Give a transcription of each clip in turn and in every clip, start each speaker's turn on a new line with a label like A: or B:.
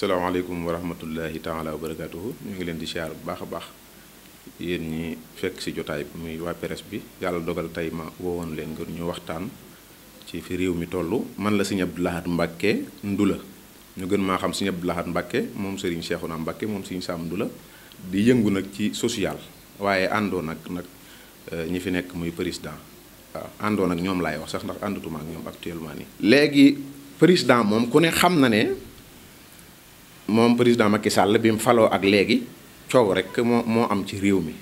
A: asalaamaaleykum wa rahmatullahi taala wa barakaatuhu ñu ngi leen di siyaar bu baax a baax yéen ñi fekk ci jotaay bi muy waa presse bi yàlla dogal tey ma woowoon leen ngir ñu waxtaan ci fi réew mi toll man la si Abdou Lahad Mbacke ndula ñu gën maa xam si Abdou Lahad Mbacke moom sëriñ Cheikhouna Mbacke moom sëriñ Sam Ndoulo di yëngu nag ci social waaye àndoon nag nag euh, ñi fi nekk muy président waaw àndoon ak ñoom laay wax sax ndax àndatuma ak ñoom actuellement nii. léegi président moom ku ne xam na ne. moom président Macky sàll bi mu faloo ak léegi coow rek moo moo am ci réew mi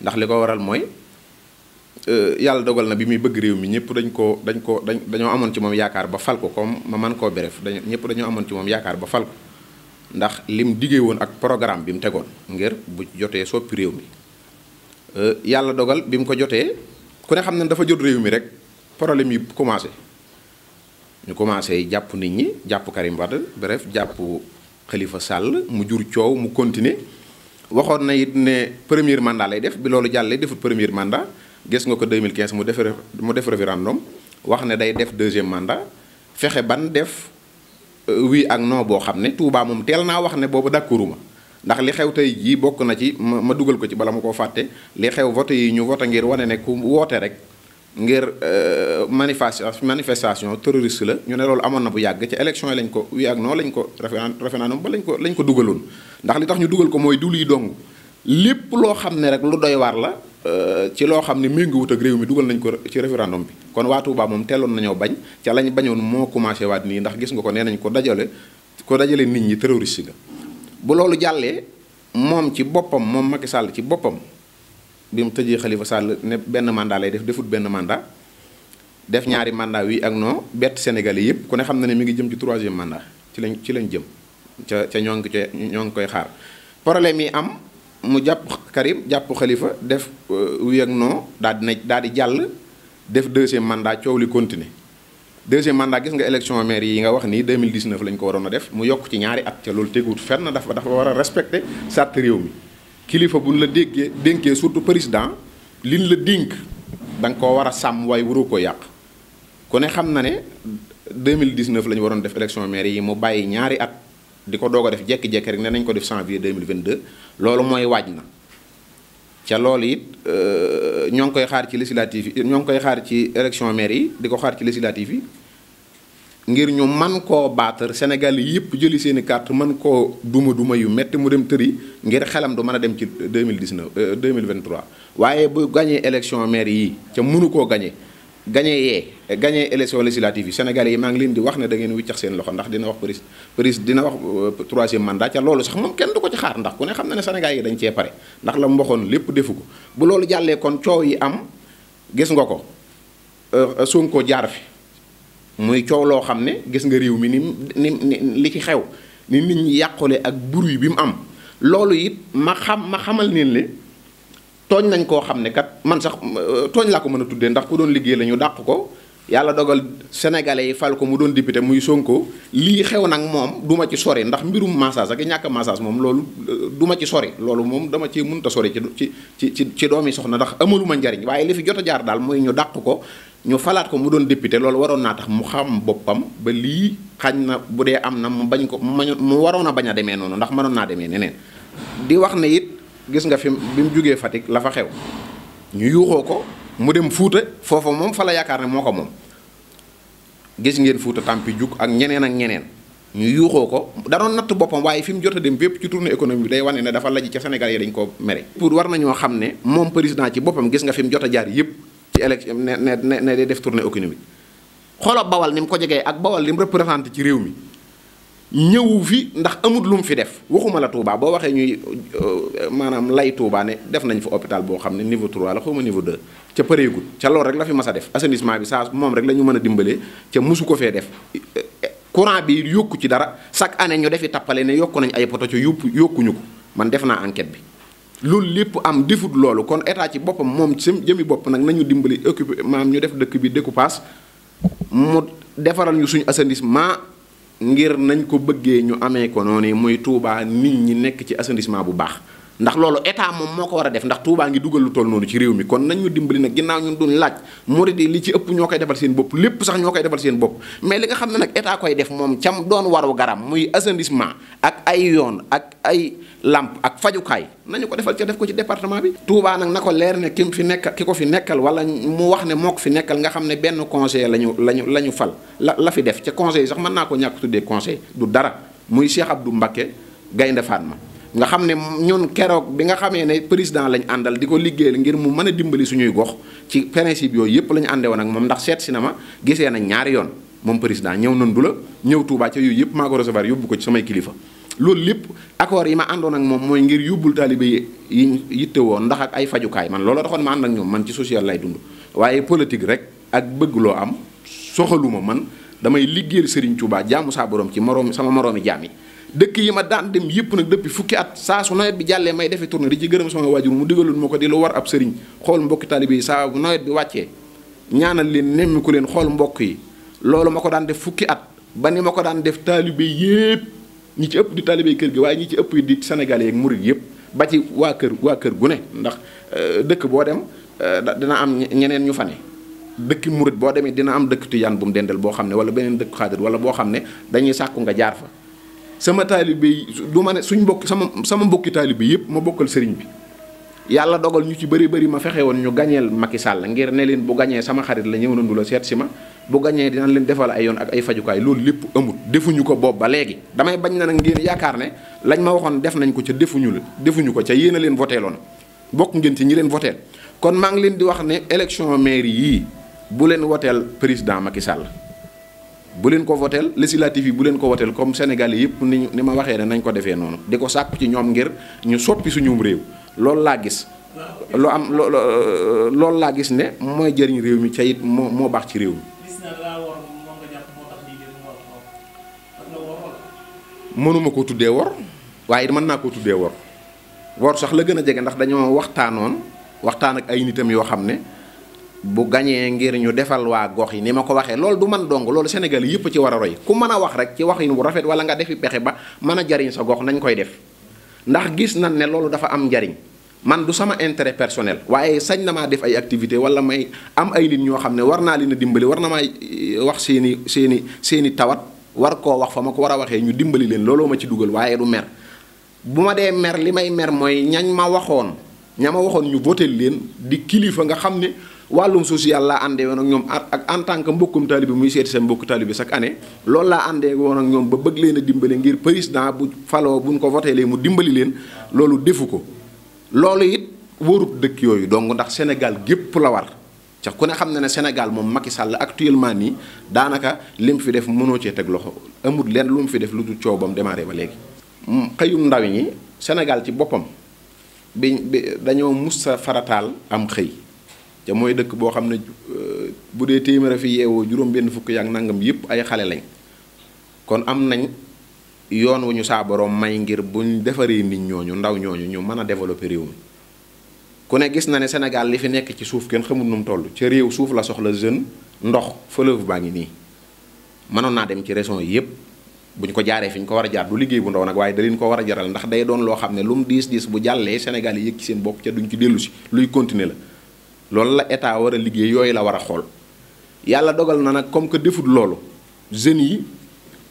A: ndax li ko waral mooy euh, yàlla dogal na bi muy bëgg réew mi ñëpp dañ ko dañ ko dañ dañoo amoon ci moom yaakaar ba fal ko comme ma man koo beref dañ ñëpp dañoo amoon ci yaakaar ba fal ko ndax lim diggee woon ak programme bi mu tegoon ngir bu jotee soppi réew mi euh, yàlla dogal bi mu ko jotee ku ne xam ne dafa jot réew mi rek problème yi commencé ñu commencé jàpp nit ñi jàpp Karim Wade bref jàpp Khalifa Sall mu jur coow mu continuer waxoon na it ne premier mandat lay def bi loolu jàllee defut première mandat gis nga ko 2015 mu def mu def référendum wax ne day def deuxième mandat fexe ban def euh, oui ak non boo xam ne Touba moom teel naa wax ne boobu ma ndax li xew tey jii bokk na ci ma dugal ko ci bala ma koo fàtte li xew vote yi ñu vote ngir wane ne ku woote rek. ngir euh, manifestation terroriste la ñu ne loolu amoon na bu yàgg ci élection yi lañ ko wii ak noo lañ ko référendum ba lañ ko lañ ko dugaloon ndax li tax ñu dugal ko mooy du luy dong lépp loo xam ne rek lu doy waar la euh, ci loo xam ne méngoowut ak réew mi dugal nañ ko ci référendum bi kon waa Touba moom teeloon nañoo bañ ca lañ bañoon moo commencé waat nii ndax gis nga ko nee nañ ko dajale ko dajale nit ñi terroriste la bu loolu jàllee moom ci boppam moom Macky Sall ci boppam bi mu tëjee xalifa Sall ne benn mandat lay def defut benn mandat def ñaari mandat wii ak noo bett Sénégalais yëpp ku ne xam na ne mi ngi jëm ci troisième mandat ci lañ ci lañ jëm ca ca ñoo ngi ca ñoo ngi koy xaar problème yi am mu jàpp Karim jàpp xalifa def euh, wi ak non daal di na daal di jàll def deuxième mandat coow li continuer deuxième mandat gis nga élection maire yi nga wax nii 2019 lañ ko waroon a def mu yokk ci ñaari at ca loolu teguwut fenn dafa dafa war a respecter sàrt réew kilifa buñ la déggee dénkee surtout président liñ la dénk da nga koo war a sàmm waaye waroo ko yàq ku ne xam na ne 2019 la ñu waroon def élection maire yi mu bàyyi ñaari at di ko doog a def jekki-jekki rek ne nañ ko def janvier 2022 loolu mooy waaj na ca lool it euh, ñoo ngi koy xaar ci législative yi ñoo ngi koy xaar ci élection maire yi di ko xaar ci législative yi ngir ñu man koo baatar Sénégal yëpp jëli seen i carte man koo duma duma yu métti mu dem tëri ngir xelam du mën a dem ci deux mille dix neuf euh, deux mille vingt trois waaye bu gañee élection maire yi ca mënu koo gañe gañe yee gañe élection législative yi Sénégalais yi maa ngi leen di wax ne dangeen ngeen wiccax seen loxo ndax dina wax pris pris dina wax euh, troisième mandat ca loolu sax moom kenn du ko ci xaar ndax ku ne xam na ne Sénégal yi dañ cee pare ndax la mu waxoon lépp defu ko bu loolu jàllee kon coow yi am gis nga ko euh, Sonko jaar fi. muy coow loo xam ne gis nga réew mi ni ni li ci xew ni nit ñi yàqule ak bruit bi mu am loolu it ma xam ma xamal ne le tooñ nañ koo xam ne kat man sax euh, tooñ laa ko mën a tuddee ndax ku doon liggéey la ñu dàq ko yàlla dogal sénégalais yi fal ko mu doon député muy Sonko lii xew nag moom duma ci sori ndax mbirum massage ak ñàkk massage moom loolu euh, duma ci sori loolu moom dama ci munta a sori ci ci ci ci doomi soxna ndax amaluma njariñ waaye li fi jot a jaar daal mooy ñu dàq ko ñu falaat ko mu doon député loolu waroon naa tax mu xam boppam ba lii xaañ na bu dee am na mu bañ ko mu waroon a bañ a demee noonu ndax mënoon naa demee neneen di wax ne it gis nga fi bi mu jógee Fatick la fa xew ñu yuuxoo ko mu dem Fuuta foofa moom fa la yaakaar ne moo ko moom gis ngeen Fuuta tàmpi jug ak ñeneen ak ñeneen ñu yuuxoo ko danoon natt boppam waaye fi mu jot a dem bépp ci tournée économique bi day wane ne dafa laj ca Sénégal yi dañ ko pour war nañoo xam ne moom président ci boppam gis nga fi jot a jaar yëpp ci élection ne ne ne day def tournée économique xoola bawal ni mu ko jegee ak bawal li mu représenté ci réew mi ñëwu fi ndax amut lu mu fi def waxuma la Touba boo waxee ñuy euh, maanaam lay Touba ne def nañu fa hôpital boo xam ne niveau 3 la xawma niveau de ca pareegul ca loolu rek la fi mas a def assainissement bi saa moom rek lañu mën a dimbalee ca mosu ko fee def e, e, courant bi yokku ci dara chaque année ñu defi tappale ne yokku nañ ay poto ca yópp ko man def naa enquête bi loolu lépp am defut loolu kon état ci boppam moom ci jëmi bopp nag nañu dimbali occupé maam ñu def dëkk bi découpage mu defaral ñu suñu assainissement ngir nañ ko bëggee ñu amee ko noonu muy Touba nit ñi nekk ci assainissement bu baax. ndax loolu état moom moo ko war a def ndax Touba ngi dugal lu toll noonu ci réew mi kon nañ ñu dimbali nag ginnaaw ñun duñ laaj murid yi li ci ëpp ñoo koy defal seen lépp sax ñoo koy defal seen bopp mais li nga xam ne nag état koy def moom cam doon waru garam muy assainissement ak ay yoon ak ay lamp ak fajukaay nañu ko defal ca def ko ci département bi Touba nag na ko leer ne kim fi nekk ki ko fi nekkal wala mu wax ne moo ko fi nekkal nga xam ne benn conseil lañu lañu la ñu fal la la fi def ca conseil sax mën naa ko ñàkk tuddee conseil du dara muy Cheikh Abdou Mbacké Gaynde Fatma nga xam ne ñun keroog bi nga xamee ne président lañ àndal di ko liggéeyal ngir mu mën a dimbali suñuy gox ci principe yooyu yëpp lañu àndee ànde woon ak moom ndax seet si na ma gisee nañ ñaari yoon moom président ñëw nan du la ñëw Touba yooyu yëpp maa ko recevoir yóbbu ko ci samay kilifa lépp accord yi ma àndoon ak moom mooy ngir yóbbul taalibe yi yitte woon ndax ak ay fajukaay man looloo taxoon ma ànd ak ñoom man ci social lay dund waaye politique rek ak bëgg loo am soxaluma man damay liggéeyal Serigne Touba jaamu saa borom ci moroom sama moroomi jaam dëkk yi ma daan dem yëpp nag depuis fukki at saa su nawet bi jàllee may defi tournée di ci gërëm sama waajur mu digaloon ma ko di lu war ab sëriñ xool mbokki taalibe yi saa bu nawet bi wàccee ñaanal leen nemmi ko leen xool mbokk yi loolu ma ko daan def fukki at ba ni ma ko daan def taalibe yëpp ñi ci ëpp di taalibe kër gi waaye ñi ci ëpp di senegal Sénégal yeeg murid yëpp ba ci waa kër waa kër gu ne ndax euh, dëkk boo dem euh, dina am ñeneen ñu fa ne dëkk murid boo demee am dëkk tijaan bu mu dendal boo xam ne wala beneen dëkk xaadir wala boo xam ne dañuy sàkku nga jaar fa sama taalibe yi du ma ne suñ mbokk sama sama mbokki taalibe yëpp ma bokkal sëriñ bi yàlla dogal ñu ci bëri bëri ma fexe woon ñu gañeel Macky Sall ngir ne leen bu gañee sama xarit la ñëw na du seet si ma bu gañee dinañ leen defal ay yoon ak ay fajukaay loolu lépp amul defuñu ko boobu ba léegi damay bañ na nag ngeen yaakaar ne lañ ma waxoon def nañ ko ca defuñu la defuñu ko ca yéen a leen voteeloon bokk ngeen ci ñi leen voteel kon maa ngi leen di wax ne élection maire yii bu leen woteel président Macky Sall bu leen ko voteel législative yi bu leen ko voteel comme sénégalais yëpp ni ñu ni ma waxee ne nañ ko defee noonu di ko sàkku ci ñoom ngir ñu soppi suñu réew loolu laa gis. lu am loolu laa gis ne mooy jëriñ réew mi ca it moo moo baax ci réew mi. mënuma ko tuddee wor waaye mën naa ko tuddee wor wor sax la gën a jege ndax dañoo waxtaanoon waxtaan ak ay nitam yoo xam ne. bu gañee ngir ñu defal waa gox yi ni ma ko waxee loolu du man dong loolu Sénégal yëpp ci war a roy ku mën a wax rek ci waxin bu rafet wala nga defi pexe ba man a jariñ sa gox nañ koy def ndax gis nañ ne loolu dafa am njariñ man du sama intérêt personnel waaye sañ na maa def ay activité wala may am ay nit ñoo xam ne war naa leen dimbali war na maa eh, wax seeni seeni seeni tawat war koo wax fa ma ko war a waxee ñu dimbali leen looloo ma ci dugal waaye du mer bu ma dee mer li may mer mooy ñañ ma waxoon ña ma waxoon ñu voté leen di kilifa nga xam ne wàllum social laa àndee woon ak ñoom ak en tant que mbokkum taalibe muy seeti seen mbokku taalibe chaque ane loolu laa àndee woon ak ñoom ba bëgg leen a dimbale ngir président bu faloo buñ ko voté mu dimbali leen loolu defu ko loolu it wóorut dëkk yooyu donc ndax Sénégal gépp la war ku ne xam na ne Sénégal moom Macky Sall actuellement nii daanaka lim fi def mënoo cee teg loxo amul leen lu mu fi def lu dul coow ba ba léegi mm, xëyum ndaw ñi Sénégal ci boppam bi dañoo mus sa farataal am xëy te mooy dëkk boo xam ne euh, bu dee téeméer a fi yeewoo juróom-benn fukk yaak nangam yëpp ay xale lañ kon am nañ yoon wu ñu saa borom may ngir buñ defaree nit ñooñu ndaw ñooñu ñu mën a développer réew mi ku ne gis na ne senegal li fi nekk ci suuf kenn xamul nu mu toll ca réew suuf la soxla jeune ndox fleuve baa ngi nii mënoon naa dem ci régions yi yëpp bu ñu ko jaaree fi ñu ko war a jaar du liggéey bu ndaw nag waaye da ko war a jaral ndax day doon loo xam ne lu mu diis diis bu jàllee Sénégal ci seen bopp ca duñ ci dellu si luy continuer la loolu la état war a liggéey yooyu la war a xool yàlla dogal na nag comme que defut loolu jeunes yi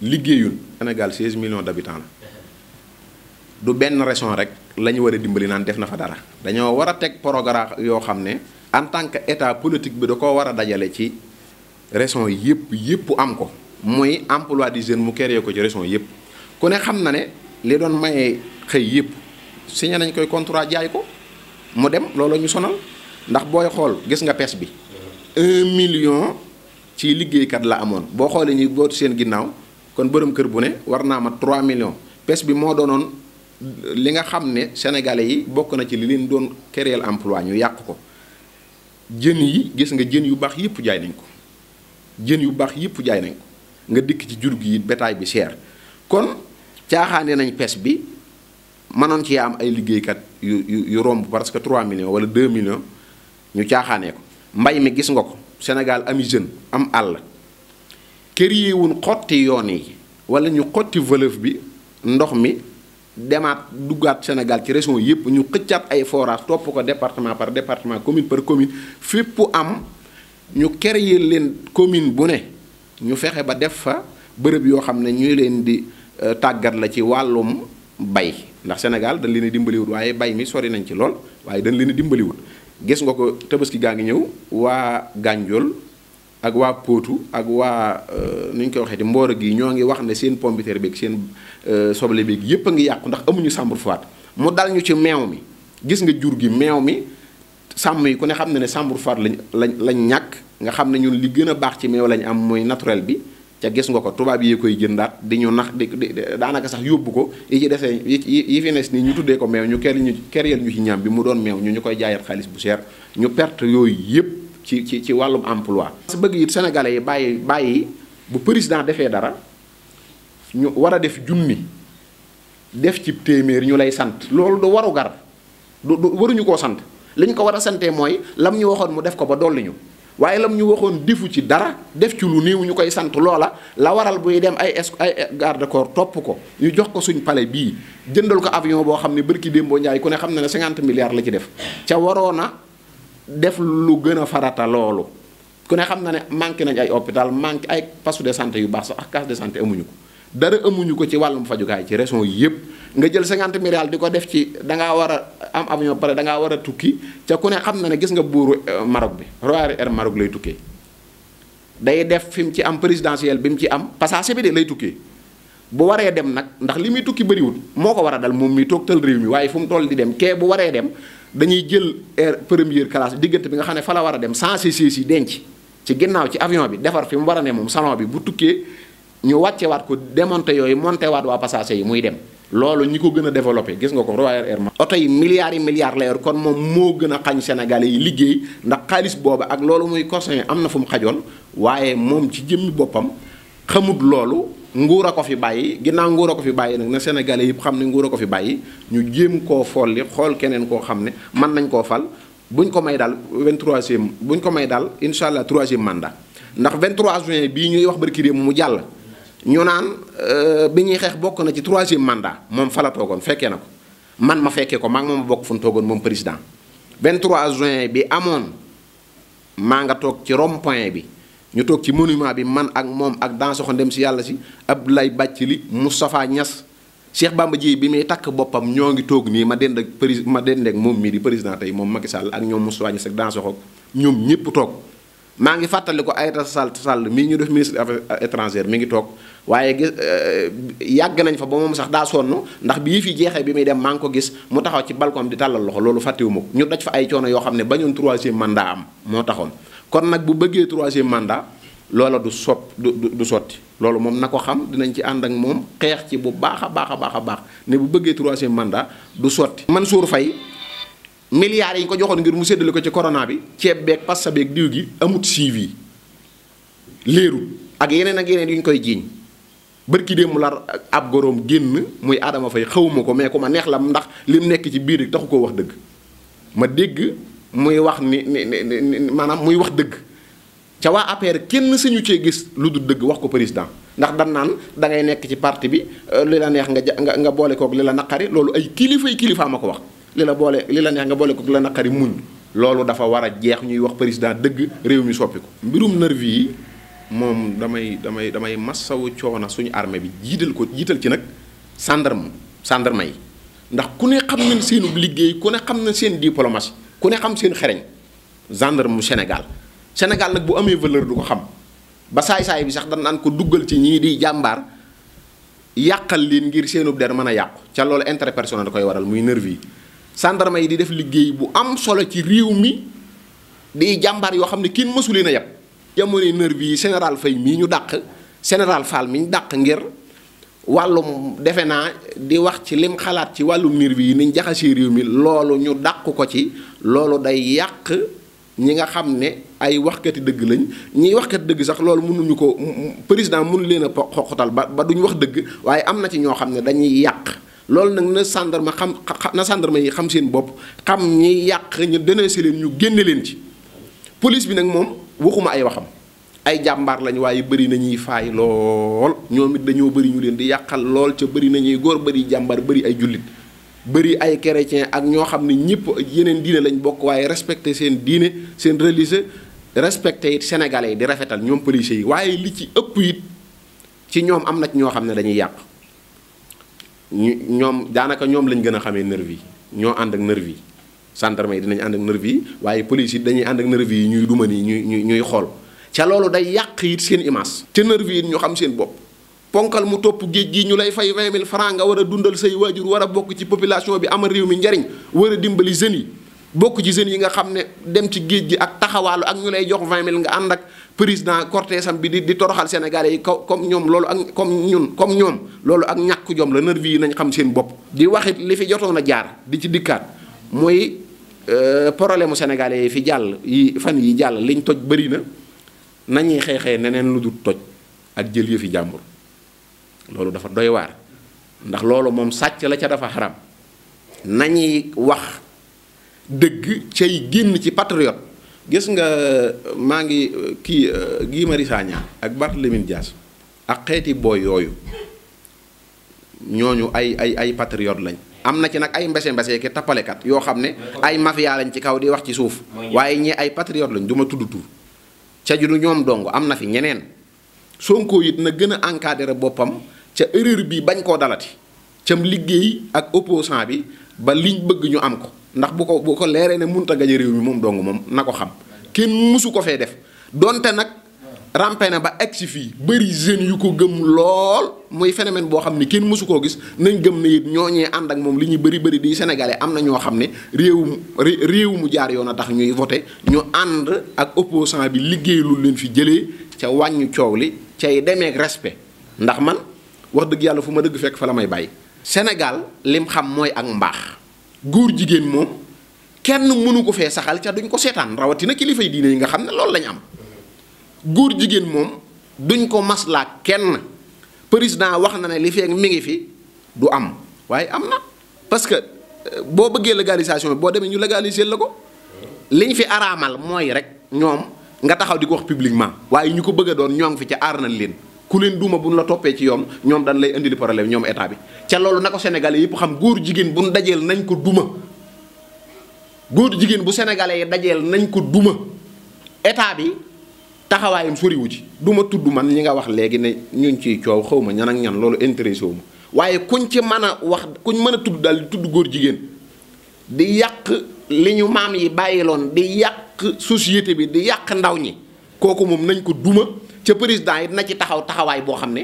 A: liggéeyul Sénégal 16 millions d'habitants la du benn région rek la ñu war a dimbali naan def na fa dara dañoo war a teg programme yoo xam ne en tant que état politique bi da koo war a dajale ci région yëpp yëpp am ko mooy emploi des jeunes mu créé ko ci région yëpp ku ne xam na ne li doon maye xëy yëpp signé nañ koy contrat jaay ko mu dem loolu ñu sonal ndax booy xool gis nga pes bi un million ci liggéeykat la amoon boo xoolee ñuy bootu seen ginnaaw kon bërëm kër bu ne war naa ma 3 millions pes bi moo doonoon li nga xam ne sénégalais yi bokk na ci li leen doon créer emploi ñu yàq ko jën yi gis nga jën yu baax yëpp jaay nañ ko jën yu baax yëpp jaay nañ ko nga dikk ci jur yi betaay bi cher kon caaxaane nañ pes bi mënoon ci am ay liggéeykat yu yu yu romb parce que 3 millions wala 2 millions ñu caaxaanee ko mbay mi gis nga ko Sénégal ami jeune am àll kër yi xotti yoon yi wala ñu xotti fleuve bi ndox mi demaat duggaat Sénégal ci région yëpp ñu xëccaat ay forage topp ko département par département commune par commune fépp am ñu kër créer leen commune bu ne ñu fexe ba def fa bërëb yoo xam ne ñuy leen di euh, tàggat la ci wàllum bay ndax Sénégal dañ leen a dimbaliwut waaye bay mi sori nañ ci lool waaye dañ leen a dimbaliwut gis nga ko tabaski gaa ngi ñëw waa Gànjool ak waa Potou ak waa euh, nu ñu koy waxee mboor gi ñoo ngi wax ne seen pombiteer beeg seen euh, soble beeg yépp a ngi yàqu ndax amuñu chambre froide mu dal ñu ci meew mi gis nga jur gi meew mi sàmm yi ku ne xam na ne chambre froide lañ lañ lañ ñàkk nga xam ne ñun li gën a baax ci meew lañ am mooy naturel bi ca gis nga ko tubaab yi koy jëndaat di ñu nax di daanaka sax yóbbu ko yi ci desee yi fi nes nii ñu tuddee ko meew ñu ker ñu keryal ñu ci ñam bi mu doon meew ñu ñu koy jaayat xaalis bu cher ñu perte yooyu yëpp ci ci ci wàllum emploi parce bëgg it sénégalais yi bàyyi bàyyi bu président defee dara ñu war a def junni def ci téeméer ñu lay sant loolu du waru gar du waruñu koo sant li ko war a santee mooy lam ñu waxoon mu def ko ba dolli waaye lam ñu waxoon defu ci dara def ci lu néew ñu koy sant loola la waral buy dem ay es ay garde topp ko ñu jox ko suñ palais bii jëndal ko avion boo xam ne bërki démboo njaay ku ne xam na ne 50 milliards la ci def ca waroon a def lu gën a farata loolu ku ne xam na ne manqué nañ ay hôpital manqué ay poste de santé yu baax sa ak case de santé amuñu ko dara amuñu ko ci wàllum fajukaay ci région yi yëpp nga jël 50 milliards di ko def ci dangaa war a am avion pare da ngaa war a tukki ca ku ne xam na ne gis nga buuru euh, Maroc bi Royal Air Maroc lay tukkee day def fi mu ci am présidentielle bi mu ci am passage bi de lay tukkee bu waree dem nag ndax li muy tukki bëriwul moo ko war a dal moom mi toog tël réew mi waaye fu mu toll di dem kee bu waree dem dañuy jël air première classe diggante bi nga xam ne fa la war a dem sans si denc ci ginnaaw ci avion bi defar fi mu war a ne moom salon bi bu tukkee. ñu wàcce waat ko démonté yooyu monté waat waa passager yi muy dem loolu ñi ko gën a développé gis nga ko Royal Air ma oto yi milliards yi milliards la yor kon moom moo gën a xañ Sénégalais yi liggéey ndax xaalis booba ak loolu muy cossin am na fu mu xajoon waaye moom ci jëmmi boppam xamut loolu nguur a ko fi bàyyi ginnaaw nguur a ko fi bàyyi nag na Sénégalais yëpp xam ne nguur a ko fi bàyyi ñu jéem koo folli xool keneen koo xam ne man nañ koo fal buñ ko may daal 23e buñ ko may daal incha allah troisième mandat ndax 23 juin bii ñuy wax barki réew mu jàll ñu naan euh, bi ñuy xeex bokk na ci troisième manda moom fa la toogoon fekkee na ko man ma fekkee ko maa ngi moom bokk fu mu toogoon moom président 23 juin bi amoon maa nga toog ci rond point bi ñu toog ci monument bi man ak moom ak Dansokho dem si yàlla si Abdoulaye Bathily Moustapha Niass Cheikh Bamba Dièye bi muy takk boppam ñoo ngi toog nii ma dend ak ma dend moom mii di président tey moom Macky Sall ak ñoom Moustapha Niass ak Dansokho ñoom ñëpp toog. maa ngi fàttali ko Aïssata Sall Sall mii ñu def ministre des affaires étrangères mi ngi toog waaye gis euh, yàgg nañ fa ba moom sax daa sonn ndax bii fi jeexee bi muy dem maa ngi ko gis mu taxaw ci balcon di tàllal loxo loolu fàttewuma ko ñu daj fa ay coono yoo xam ne bañoon troisième mandat am moo taxoon kon nag bu bëggee troisième mandat loola du sopp du du sotti loolu moom na ko xam dinañ ci ànd ak moom xeex ci bu baax a baax a baax a baax ne bu bëggee troisième mandat du sotti Mansour Faye milliards yi ñu ko joxoon ngir mu séddale ko ci korona bi ceeb beeg pasta beeg diw gi amut suivi léerul ak yeneen ak yeneen yu ñu koy jiiñ bërki mu la ab goroom génn muy Adama Faye xawuma ko mais ku ma neex la ndax lim nekk ci biir taxu koo wax dëgg ma dégg muy wax ni ni maanaam muy wax dëgg ca waa APR kenn sañu cee gis lu dul dëgg wax ko président ndax dan naan da nekk ci parti bi euh, li la neex nga ja nga boole koog li la naqari loolu ay kilifa kilifa ma ko wax. li la boole li la neex nga boole ko la naqari muñ loolu dafa war a jeex ñuy wax président dëgg réew mi soppi ko mbirum nervi yi moom damay damay damay massawu coono suñu armée bi jiital ko jiital ci nag gendarme gendarme yi ndax ku ne xam nañ seenu liggéey ku ne xam na seen diplomatie ku ne xam seen xereñ gendarme Sénégal Sénégal nag bu amee valeur du ko xam ba saay-saay bi sax dañ naan ko duggal ci ñii di jàmbaar yàqal leen ngir seenub der mën a yàqu ca loolu intérêt da koy waral muy nervi yi gendarme yi di def liggéey bu am solo ci réew mi di jàmbaar yoo xam ne kenn mësu leen a yab jamono nervi yi général Faye mii ñu dàq général Fall mi ñu dàq ngir wàllum defe naa di wax ci lim xalaat ci wàllum nervi yi niñ jaxasee réew mi loolu ñu dàq ko ci loolu day yàq ñi nga xam ne ay waxkati dëgg lañ ñiy waxkati dëgg sax loolu mënuñu ko président mënu leen a xoqatal ba ba duñ wax dëgg waaye am na ci ñoo xam ne dañuy yàq loolu nag na sàndarma xam na sàndarma yi xam seen bopp xam ñi yàq ñu dénoncé leen ñu génne leen ci police bi nag moom waxuma ay waxam ay jàmbaar lañ waaye bëri nañuy faay lool ñoom it dañoo bëri ñu leen di yàqal lool ca bëri nañuy góor bëri jàmbar bëri ay jullit bëri ay chrétien ak ñoo xam ne ñëpp yeneen diine lañ bokk waaye respecté seen diine seen religieux respecté it sénégalais yi di rafetal ñoom policiers yi waaye li ci ëpp it ci ñoom am nag ñoo xam ne dañuy yàq ñu ñoom daanaka ñoom lañ gën a xamee nervi yi ñoo ànd ak nervi yi gendarme yi dinañ ànd ak nervi yi waaye police yi dañuy ànd ak nervi yi ñuy duma nii ñuy ñuy xool ca loolu day yàq yit seen image. ca nervi yi ñu xam seen bopp ponkal mu topp géej gi ñu lay fay 20 000 nga war a dundal say waajur war a bokk ci population bi amal réew mi njariñ war a dimbali jeunes yi. bokk ci jeunes yi nga xam ne dem ci géej gi ak taxawaalu ak ñu lay jox vingt mille nga ànd ak président cortège am bi di di toroxal Sénégalais yi kaw comme ñoom loolu ak comme ñun comme ñoom loolu ak ñàkk jom la nervi yi nañ xam seen bopp. di waxit li fi jotoon a jaar di ci dikkaat mooy euh, problème mu yi fi jàll yi fan yi jàll liñ toj bëri na nañuy xeexee neneen lu dul toj ak jël yëfi jàmbur loolu dafa doy waar ndax loolu moom sàcc la ca dafa xaram nañuy wax. dëgg cay génn ci patriote gis nga euh, maa ngi euh, kii euh, Guy Marius Sagna ak Barthélémy Dias ak xeeti booy yooyu ñooñu ay ay ay patriote lañ am na ci nag ay mbese mbese ki tappalekat yoo xam ne ay mafia lañ ci kaw di wax ci suuf waaye ñee ay patriote lañ duma tudd tur ca ju du ñoom dong am na fi ñeneen Sonko it na gën a encadrer boppam ca erreur bii bañ koo dalati cam liggéey ak opposant bi ba liñ bëgg ñu am ko ndax bu ko bu ko leeree ne mënut a gañe réew mi moom dong moom na ko xam kenn mësu ko fee def donte nag rampe na ba egsi fii bëri jeunes yu ko gëm lool muy phénomène boo xam ne kenn mësu koo gis nañ gëm ne ñoo ñooñee ànd ak moom li ñuy bari bëri di sénégalais am na ñoo xam ne réew mu réew mu jaar yoon a tax ñuy voté ñu ànd ak opposant bi liggéey lu leen fi jëlee ca wàññu coow li cay demeek respe ndax man wax dëgg yàlla fu ma dëgg fekk fa la may bàyyi Sénégal lim xam mooy ak mbaax góor jigéen moom kenn mënu ko fee saxal ca duñ ko seetaan rawatina kilifa kilifay diine yi nga xam ne loolu lañ am góor jigéen moom duñ ko maslaa kenn président wax na ne li feek mi ngi fi du am waaye am na parce que euh, boo bëggee légalisation bi boo demee ñu légaliser la ko liñ fi araamal mooy rek ñoom nga taxaw di ko wax publiquement waaye ñu ko bëgg doon ñoo ngi fi ca aar nañ leen ku leen duuma bu ñu la toppee ci yoon ñoom dañ lay indil problème ñoom état bi ca loolu na ko sénégalais yëpp xam góor jigéen bu ñu dajeel nañ ko duma góor jigéen bu sénégalais yi dajeel nañ ko duma état bi taxawaayam soriwu ci duma tudd man ñi nga wax léegi ne ñu ñun ciy coow xaw ma ñan ñan loolu intéressé wu ma waaye kuñ ci mën a wax kuñ mën a tudd daal tudd góor jigéen di yàq li ñu maam yi bàyyiloon di yàq société bi di yàq ndaw ñi kooku moom nañ ko duma ca président yi dina ci taxaw taxawaay boo xam ne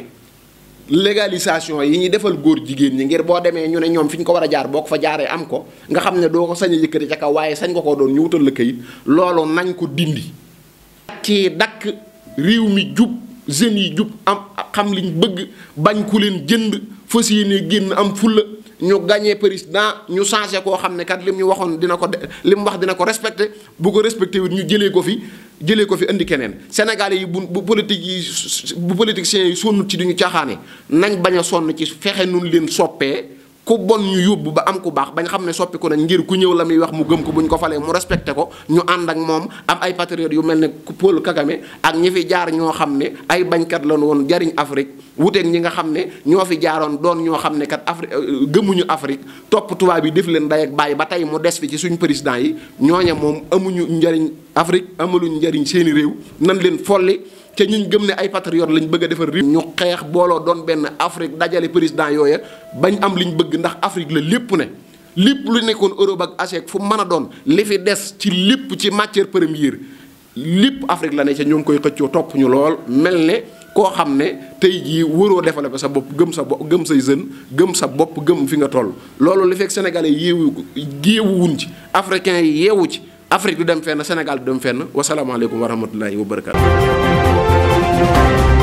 A: légalisation yi ñuy defal góor jigéen ñi ngir boo demee ñu ne ñoom fi ñu ko war a jaar boo fa jaaree am ko nga xam ne doo ko sañ a yëkkati ca kaw waaye sañ ko koo doon ñu wutal la kayit loolu nañ ko dindi. ci dakk réew mi jub jeunes yi jub am xam liñ bëgg bañ ku leen jënd fas yéene génn am fulla ñu gagné président ñu changé koo xam ne kat lim ñu waxoon dina ko li mu wax dina ko respecté bu ko respecté wut ñu jëlee ko fi jëlee ko fi indi keneen sénégalais yi bu bu politique yi bu politiciens yi sonnut ci duñu caaxaane nañ bañ a sonn ci fexe nun leen soppee ku bon ñu yóbbu ba am ku baax bañ xam ne soppi ko nañ ngir ku ñëw la muy wax mu gëm ko buñ ko falee mu respecté ko ñu ànd ak moom am ay patriotes yu mel ne Paul Kagame ak ñi fi jaar ñoo xam ne ay bañkat lañ woon jariñ Afrique wuteeg ñi nga xam ne ñoo fi jaaroon doon ñoo xam ne kat Afrique euh, gëmuñu Afrique topp tubaab yi def leen day ak bàyyi ba tey mu des fi ci suñ président yi ñoo ñooña moom amuñu njariñ Afrique amaluñu njariñ seeni réew nan leen folli te ñuñ gëm ne ay patriote lañu bëgg a defar réew ñu xeex booloo doon benn Afrique dajale président yooya bañ am liñ bëgg ndax Afrique la lépp ne lépp lu nekkoon Europe ak Asie fu mën a doon li fi des ci lépp ci matière première lépp Afrique la ne ca ñoo ngi koy xëccoo topp ñu lool mel ne koo xam ne tey jii waroo développé sa bopp gëm sa gëm say jeune gëm sa bopp gëm fi nga toll loolu li fekk sénégalais yéewu géewuwuñ ci africains yi yeewu ci Afrique du dem fenn Sénégal du dem fenn wasalaamaaleykum wa rahmatullahi wa barakatu thank you